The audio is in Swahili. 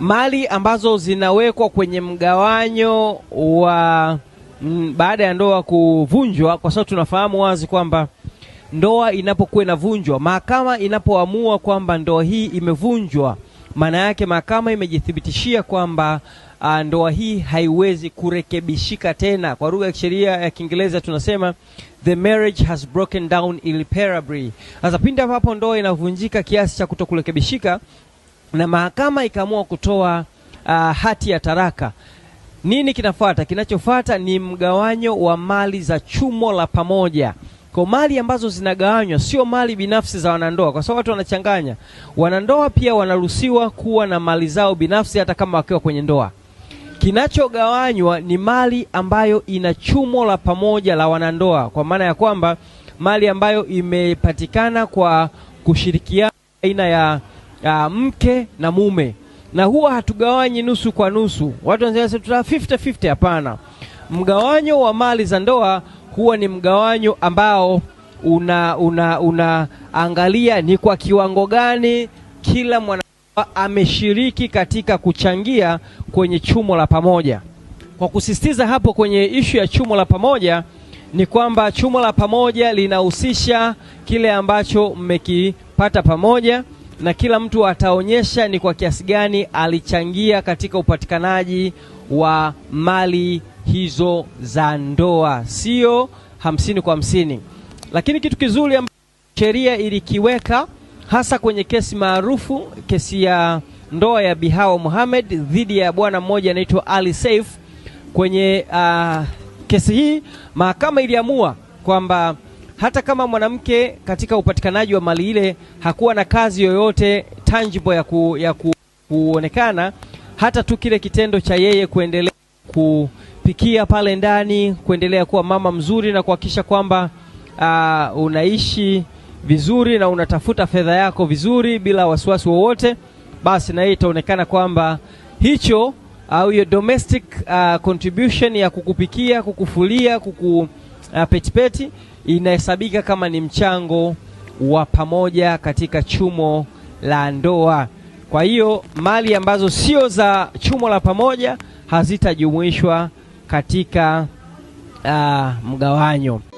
mali ambazo zinawekwa kwenye mgawanyo wa m, mm, baada ya ndoa kuvunjwa, kwa sababu tunafahamu wazi kwamba ndoa inapokuwa inavunjwa, mahakama inapoamua kwamba ndoa hii imevunjwa, maana yake mahakama imejithibitishia kwamba ah, ndoa hii haiwezi kurekebishika tena. Kwa lugha ya kisheria ya Kiingereza tunasema the marriage has broken down irreparably. Sasa pindi hapo ndoa inavunjika kiasi cha kutokurekebishika, na mahakama ikaamua kutoa uh, hati ya taraka. Nini kinafuata? Kinachofuata ni mgawanyo wa mali za chumo la pamoja. Kwa mali ambazo zinagawanywa sio mali binafsi za wanandoa, kwa sababu watu wanachanganya. Wanandoa pia wanaruhusiwa kuwa na mali zao binafsi hata kama wakiwa kwenye ndoa. Kinachogawanywa ni mali ambayo ina chumo la pamoja la wanandoa, kwa maana ya kwamba mali ambayo imepatikana kwa kushirikiana aina ya uh, mke na mume, na huwa hatugawanyi nusu kwa nusu. Watu wanasema tuta 50 50. Hapana, mgawanyo wa mali za ndoa huwa ni mgawanyo ambao una una unaangalia ni kwa kiwango gani kila mwana ameshiriki katika kuchangia kwenye chumo la pamoja. Kwa kusisitiza hapo kwenye ishu ya chumo la pamoja, ni kwamba chumo la pamoja linahusisha kile ambacho mmekipata pamoja na kila mtu ataonyesha ni kwa kiasi gani alichangia katika upatikanaji wa mali hizo za ndoa, sio hamsini kwa hamsini. Lakini kitu kizuri ambacho sheria ilikiweka hasa kwenye kesi maarufu, kesi ya ndoa ya Bihawa Muhammad dhidi ya bwana mmoja anaitwa Ali Saif. Kwenye uh, kesi hii mahakama iliamua kwamba hata kama mwanamke katika upatikanaji wa mali ile hakuwa na kazi yoyote tangible ya, ku, ya ku, kuonekana, hata tu kile kitendo cha yeye kuendelea kupikia pale ndani, kuendelea kuwa mama mzuri na kuhakikisha kwamba uh, unaishi vizuri na unatafuta fedha yako vizuri bila wasiwasi wowote, basi na yeye itaonekana kwamba hicho au hiyo domestic uh, contribution ya kukupikia, kukufulia, kuku uh, petipeti inahesabika kama ni mchango wa pamoja katika chumo la ndoa. Kwa hiyo mali ambazo sio za chumo la pamoja hazitajumuishwa katika uh, mgawanyo.